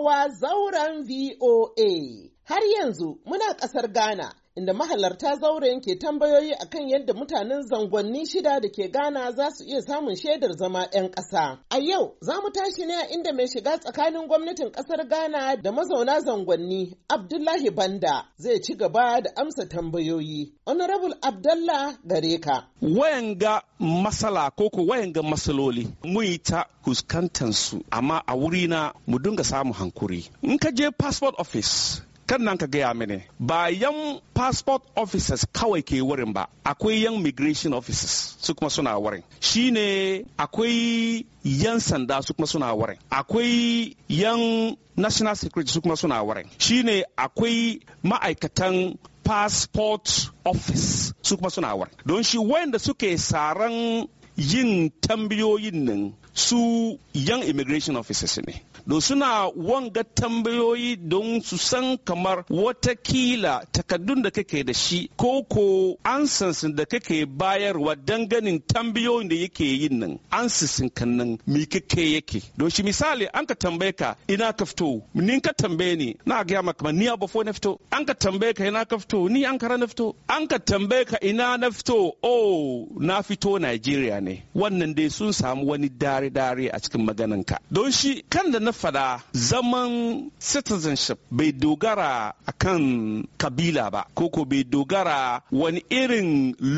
kowa zauren VOA. Har yanzu muna ƙasar Ghana inda mahalarta zauren ke tambayoyi akan yadda mutanen zangonni shida da ke Ghana za su iya samun shaidar zama 'yan ƙasa. A yau za mu tashi ne a inda mai shiga tsakanin gwamnatin ƙasar Ghana da mazauna zangonni Abdullahi Banda zai ci gaba da amsa tambayoyi. Honorable Abdallah gare ka. Wayanga masala ko ko wayanga masaloli mun yi ta fuskantar su amma a wurina mu dinga samun hankuri. In ka je passport office kan nan ka gaya mini ba yan passport officers kawai ke wurin ba akwai yan migration officers su kuma suna wurin shine akwai yan sanda su kuma suna wurin akwai yan national security su kuma suna wurin shine akwai ma'aikatan passport office su kuma suna wurin don shi wayanda suke saran yin tambayoyin nan su yan immigration officers ne don suna wanga tambayoyi don su san kamar watakila takaddun da kake da shi ko ko ansansin da kake bayarwa danganin tambayoyin da yake yin nan an kan nan mi kake yake don shi misali an ka tambaye ka ina ka fito ni ka tambaye ni na gaya maka kamar ni abu na fito an ka tambaye ka ina ka fito ni an kara na fito an ka tambaye ka ina na fito oh na fito Najeriya ne wannan dai sun samu wani dare-dare a cikin maganan ka don shi kan da na faɗa zaman citizenship bai dogara kan kabila ba koko bai dogara wani irin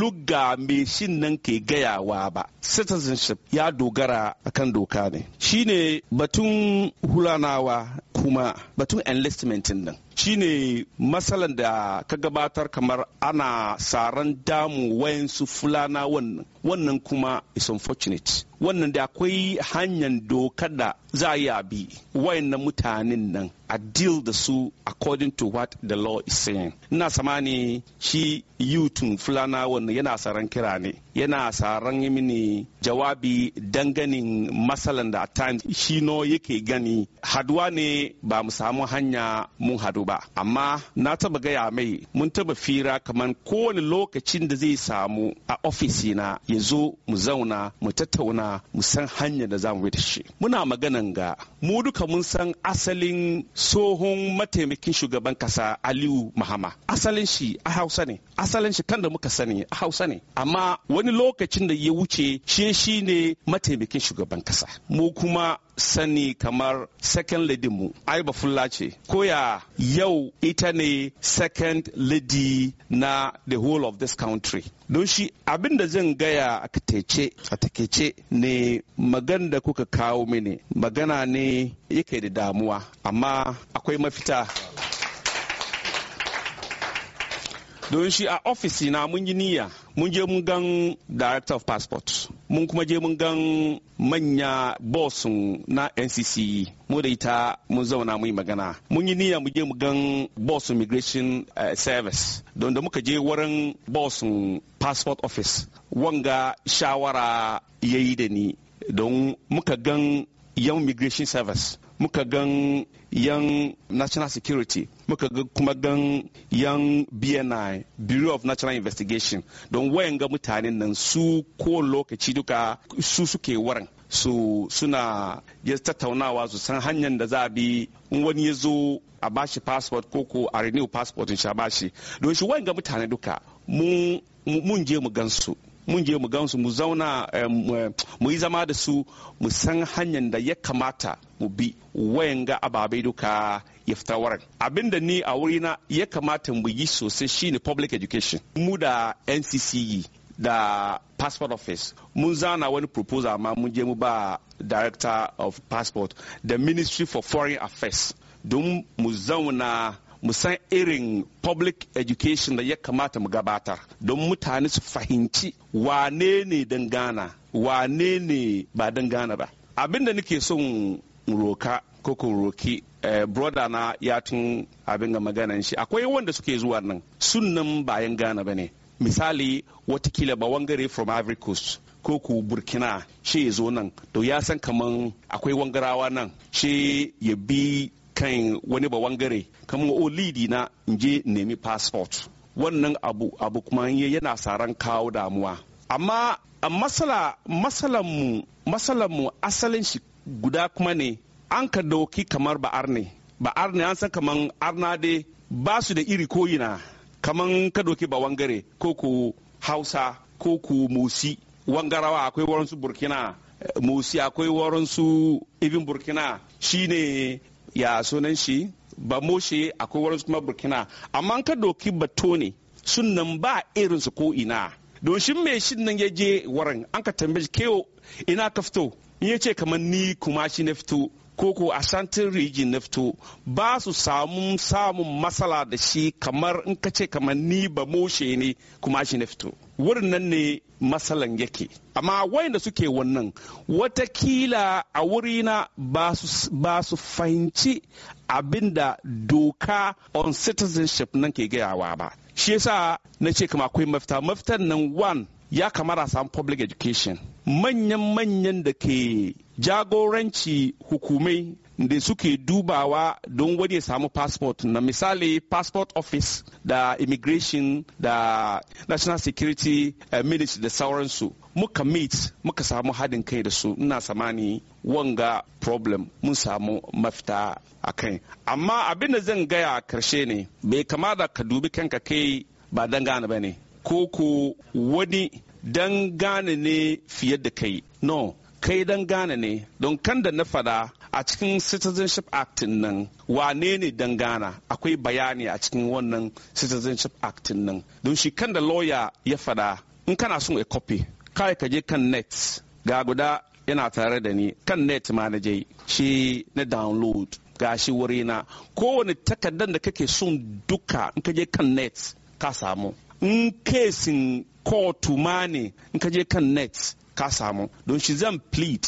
lugga mai shin nan ke gayawa ba citizenship ya dogara kan doka ne shine batun hulanawa kuma batun enlistment din shine matsalan da ka gabatar kamar ana saran damu su fulana wannan wannan kuma is unfortunate wannan da akwai hanyar dokar da za a yi abi wayannan mutanen nan a deal da su according to what the law is saying ina samani shi yutun fulana wannan yana saran kira ne yana saran yi mini jawabi danganin matsalan da time shi no yake gani haduwa ne ba mu samu hanya mun hadu ba amma na taba gaya mai mun taba fira kamar kowane lokacin da zai samu a ofisina ya zo mu zauna mu tattauna mu san hanyar da za mu da shi muna maganan ga mu duka mun san asalin tsohon mataimakin shugaban kasa aliyu mahama asalin shi a hausa ne asalin shi kan da muka sani a hausa ne amma wani lokacin da ya wuce shi shi ne mataimakin shugaban kasa mu kuma sani kamar second lady mu aiba fulla ce koya yau ita ne second lady na the whole of this country don shi abin da zan gaya a katece a takece ne magana da kuka kawo mini magana ne yake da damuwa amma akwai mafita don shi a ofisi na mun yi niyya mun je mun gan director of passport mun kuma je mun gan manya boss na ncc mu da ita mun zauna mun yi magana mun yi niyya mu je mu gan boss immigration eh, service don da muka je wurin boss passport office wanga shawara ya yi da ni don muka gan yan immigration service muka gan yan national security muka ga kuma gan yan bni bureau of national investigation don wayan ga mutanen nan su ko lokaci duka su suke waran su suna ya tattaunawa su san hanyar da za a bi in wani ya zo a bashi passport ko ko a renew passport in sha bashi don shi wayan ga mutane duka mun je mu gansu mun je mu gansu mu zauna eh, eh, mu yi zama da su mu san hanyar da ya kamata mu bi wayan ga ababai duka ya fita waran abin da ni a wurina ya kamata mu yi sosai shine public education mu da ncce da passport office mun zana wani proposal ma mun je mu ba director of passport da ministry for foreign affairs don mu zauna mu san irin public education da ya kamata mu gabatar don mutane su fahimci wane ne don gana wane ne ba don gana ba abin da nake son roka ko roki eh, broda na ya tun abin ga maganan shi akwai wanda suke zuwa nan sunnan bayan gana ba ne misali watakila ba wangare from ivory coast ko ku burkina shi ya zo nan to ya san kaman akwai wangarawa nan shi ya bi kan wani ba wangare kamar o lidi na je nemi passport wannan abu abu kuma yana saran kawo damuwa amma masala masalanmu masalanmu asalin shi guda kuma ne an ka dauki kamar ba'ar ne ba'ar ne an san kamar arna dai ba su da iri koyina kamar ka doki ba wangare ko ku hausa ko ku musi wangarawa akwai waransu burkina musi akwai waransu ibin burkina shine ya sunan shi ba moshe akwai wurin kuma burkina amma ka doki bato ne sun nan ba irinsu ko ina don shi mai shi nan ya je warin an ka tambaye kewo ina ka fito in ya ce kamar ni kuma shi na fito ko ko a santin rijin na fito ba su samun samun matsala da shi kamar in ka ce kamar ni ba moshe ne kuma shi na fito wurin nan ne matsalan yake amma da suke wannan watakila a wurina ba su fahimci abinda doka on citizenship nan ke gayawa ba shi yasa na ce kama akwai mafita mafitan nan one ya kamara a samu public education manyan-manyan da ke jagoranci hukumai da suke dubawa don wani ya samu passport na misali passport office da immigration da national security uh, ministry da sauransu muka meet muka samu haɗin kai da su ina samani wanga problem mun samu mafita a kai amma abin da zan gaya karshe ne bai kamata ka dubi kanka kai ba dan gane ba ne ko ko wani dan gane ne fiye da kai no kai dan gane ne don kan da na fada a cikin citizenship act nan wane ne dan gana akwai bayani a cikin wannan citizenship act nan don shi kan da lawyer ya fada in kana son a copy kai ka je kan net ga guda yana tare da ni kan net ma na je shi na download ga shi wuri na kowane takardar da kake son duka in ka je kan net ka samu in kesin kotu ma ne in ka je kan net ka samu don shi zan plead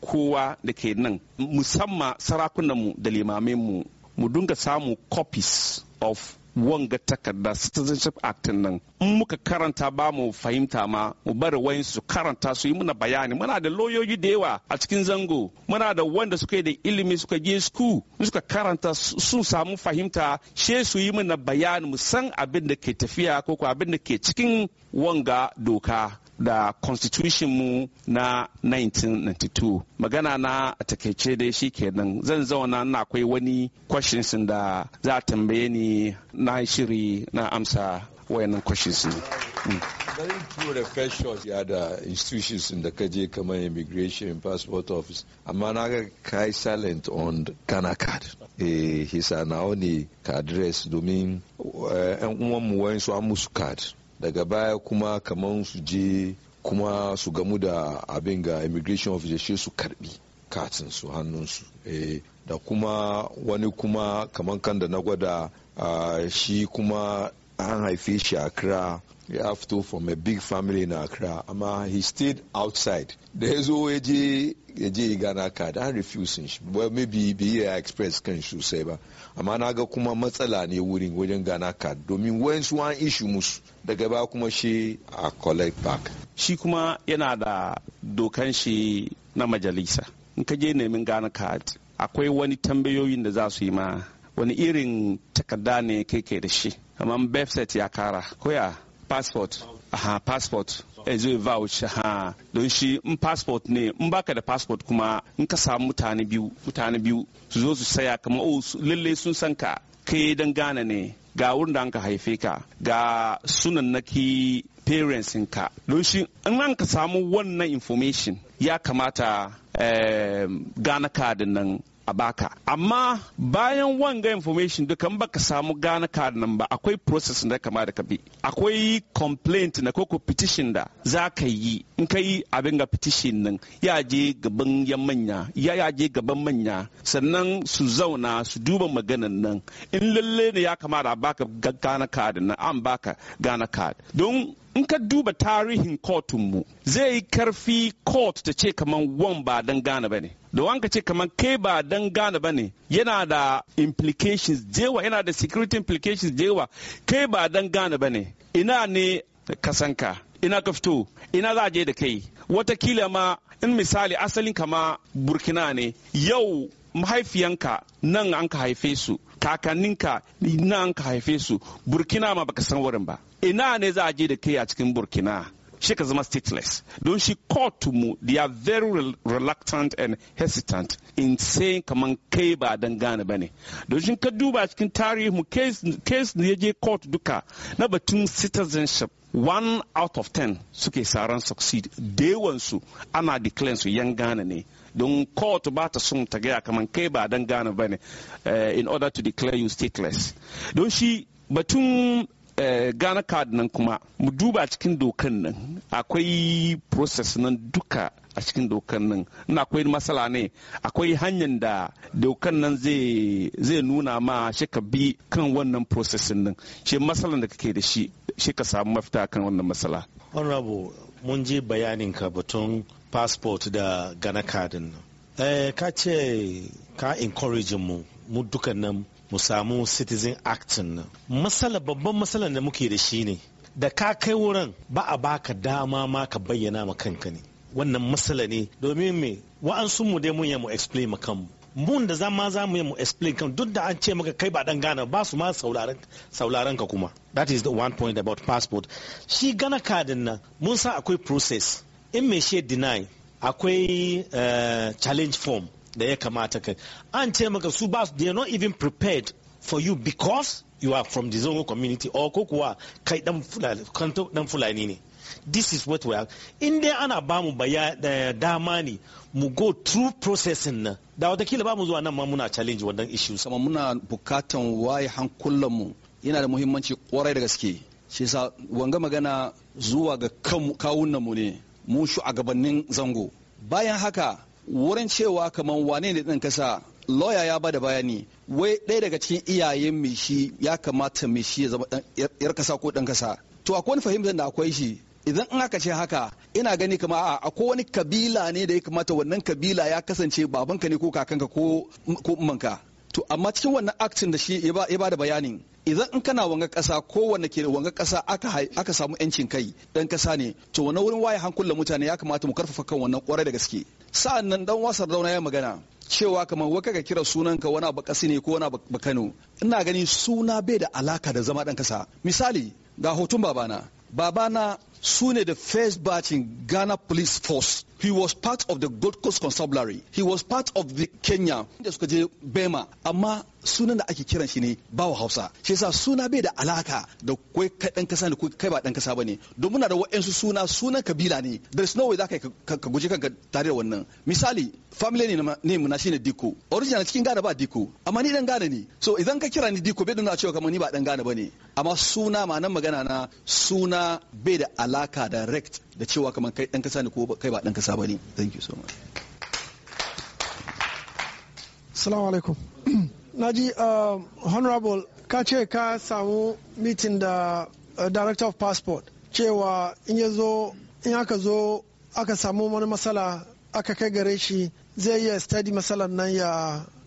kowa da ke nan musamman sarakunanmu da limaminmu mu dinga samu copies of wanga takarda citizenship act nan in muka karanta ba mu fahimta ma mu bari wayansu karanta su yi muna bayani muna da loyoyi da yawa a cikin zango muna da wanda suka yi da ilimi suka je sku suka karanta sun samu fahimta she su yi muna bayani mu san abin da ke tafiya ko ko abin da ke cikin wanga doka da constitution mu na 1992 magana na a takaice dai shi kenan zan zauna na akwai wani questions da za a tambaye ni na shiri na amsa wayannan questions ne mm. very true reflections ya da institutions da ka je kamar immigration passport office amma na ga kai silent on kana card eh hisa na ka address domin yan eh, uwan mu wayan su an musu card daga baya kuma kaman su je kuma su gamu da abin ga immigration officer shi su karbi katin su hannunsu e, eh, da kuma wani kuma kaman kan da na gwada ah, shi kuma an haife shi a kira ya have fito from a big family in Accra ama he stayed outside da is a ya je a gana card I refusing well maybe be here express can sosai ba amma na ga kuma matsala ne wurin wajen gana card domin when one issue mus daga ba kuma she a collect back shi kuma yana da dokan shi na majalisa in ka je nemin gana card akwai wani tambayoyin da za su yi ma wani irin takarda ne kai kai da shi kamar website ya kara koya passport aha passport zai e vouch ha don shi in passport ne in baka da passport kuma in ka samu mutane biyu mutane biyu su zo su saya kamar o oh, lalle sun san ka kai dan gane ne ga wurin da an ka haife ka ga sunan naki parents ka don shi in an ka samu wannan information ya kamata eh, gana kadin nan a baka amma bayan wanga information duka baka samu gane card nan ba akwai process da kama da ka bi akwai complaint na koko petition da za ka yi in ka yi abin ga petition nan ya je gaban yan manya ya ya je gaban manya sannan su zauna su duba maganan nan in lalle ne ya kama a baka gane card nan an baka gane card don in ka duba tarihin kotunmu zai yi karfi court ta ce kamar wan ba dan gane ba ne da wanka ce kamar kai ba dan gane ba ne yana da implications jewa yana da security implications jewa kai ba dan gane ba ne ina ne kasanka ina ka fito ina za a je da kai watakila ma in misali asalin kama burkina ne yau mahaifiyanka nan an ka haife su kakanninka nan an ka haife su burkina ma baka san wurin ba ina ne za a je da kai a cikin burkina shi ka zama stateless don shi kotu mu they are very reluctant and hesitant in saying kaman kai ba dan bane don shi ka duba cikin tarihi mu case ne je court duka na batun citizenship one out of ten suke saran succeed su ana declare su yan gane ne don court ba ta sun ta gaya kaman kai ba dan bane in order to declare you stateless don shi batun Eh, gana card nan kuma mu duba cikin dokan nan akwai process nan duka a cikin dokan nan ina akwai matsala ne akwai hanyar da dokan nan zai nuna ma shi ka bi kan wannan processin nan shi matsalan da kake da shi shi ka samu mafita kan wannan matsala honorable mun je bayanin ka batun passport da gana kadin nan eh, ka ce ka encourage mu mu dukan nan mu samu citizen act nan matsala babban matsalar da muke da shi ne da ka kai wurin ba a baka dama ma ka bayyana ma kanka ne wannan matsala ne domin me wa'ansu mu dai mun ya mu explain ma kanmu mun da ma za mu yi mu explain kan duk da an ce maka kai ba dan gana ba su ma sauraron ka kuma that is the one point about passport shi gana kadin nan mun sa akwai process in me she deny akwai eh, challenge form da ya kamata kai an ce maka su ba they are not even prepared for you because you are from the zongo community or ko kuwa kai dan fulani kanto dan fulani ne this is what we are in dai ana ba mu dama ne mu go through processing na da kila ba mu zuwa nan ma muna challenge wannan issue sama muna bukatan waye hankulan mu yana da muhimmanci kwarai da gaske shi yasa wanga magana zuwa ga kawunan mu ne mu shugabannin zango bayan haka wurin cewa kamar wane ne ɗin kasa lauya ya bada bayani wai ɗaya daga cikin iyayen mai shi ya kamata mai shi ya zama yar kasa ko ɗan kasa to akwai wani fahimtar da akwai shi idan in aka ce haka ina gani kama a akwai wani kabila ne da ya kamata wannan kabila ya kasance babanka ne ko kakanka ko ummanka to amma cikin wannan aktin da shi ya ba da bayanin idan in kana wanga kasa ko wanda ke wanga kasa aka samu yancin kai dan kasa ne to wani wurin waye hankulan mutane ya kamata mu karfafa kan wannan kwarai da gaske sa'an nan dan wasan dauna ya magana cewa kamar waka ka kira sunanka wani abu kasi ne ko wani abu kano ina gani suna bai da alaka da zama dan kasa misali ga hoton babana babana su ne the first batch in Ghana Police Force. He was part of the Gold Coast Constabulary. He was part of the Kenya da suka je Bema. Amma sunan da ake kiran shi ne bawa Hausa. Shi yasa suna bai da alaka da kai kai dan kasa ne ko kai ba dan kasa bane. Domin na da wa'ansu suna sunan kabila ne. There is no way zaka ka guje kanka tare da wannan. Misali family ne ne mun shine Diko. Original cikin Ghana ba Diko. Amma ni dan Ghana ne. So idan ka kira ni Diko bai da na cewa kamar ni ba dan Ghana bane. Amma suna ma nan magana na suna bai da alaka alaka direct da cewa kamar kai dan kasa ne ko kai ba dan kasa ba ne thank you so much assalamu alaikum naji uh, honorable ka ce ka samu meeting da uh, director of passport cewa in ya zo in aka zo aka samu wani matsala aka kai gare shi zai iya study matsalan nan ya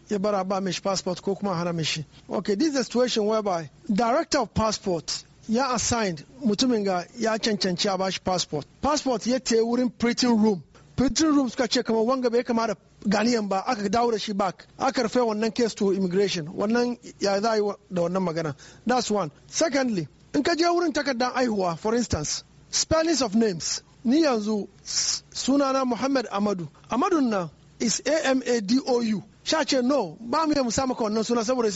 ya bara ba mishi passport ko kuma hana mishi okay this is a situation whereby director of passport ya assigned mutumin ga ya cancanci a bashi passport passport ya te wurin printing room printing room suka ce kamar wanga bai kama da ganiyan ba aka dawo da shi back aka rufe wannan case to immigration wannan ya za yi da wannan magana that's one secondly in ka je wurin takardar aihuwa for instance spellings of names ni yanzu sunana muhammad amadu Amadu na is a-m-a-d-o-u sha ce no ba mu yi musamman wannan suna saboda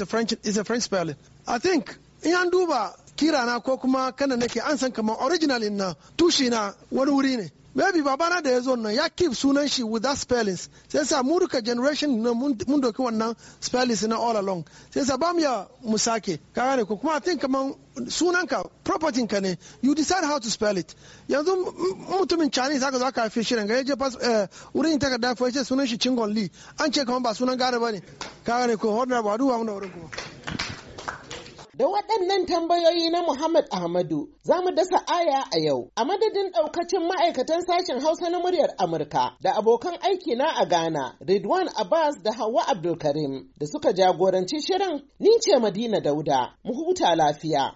is a french spelling i think in an duba kirana ko kuma kana nake an san kamar original na tushe na wani wuri ne baby babana da ya zo nan ya keep sunan shi with that spellings sai sa mu duka generation na mun doki wannan spellings na all along sai sa ba mu ya musake ka gane ko kuma think sunan sunanka property ka ne you decide how to spell it yanzu mutumin chinese haka zo ka fi shirin ga yaje pas eh, wurin takarda fa sai sunan shi chingon li an ce kamar ba sunan gare ne. ka gane ko hodna ba duwa mun da wurin kuma Da waɗannan tambayoyi na Muhammad Ahmadu za mu dasa aya a yau a madadin ɗaukacin ma'aikatan sashen Hausa na muryar Amurka da abokan aiki na a Ghana, Ridwan Abbas da Hauwa Abdulkarim da suka jagoranci shirin ni ce Madina Dauda, mu huta lafiya.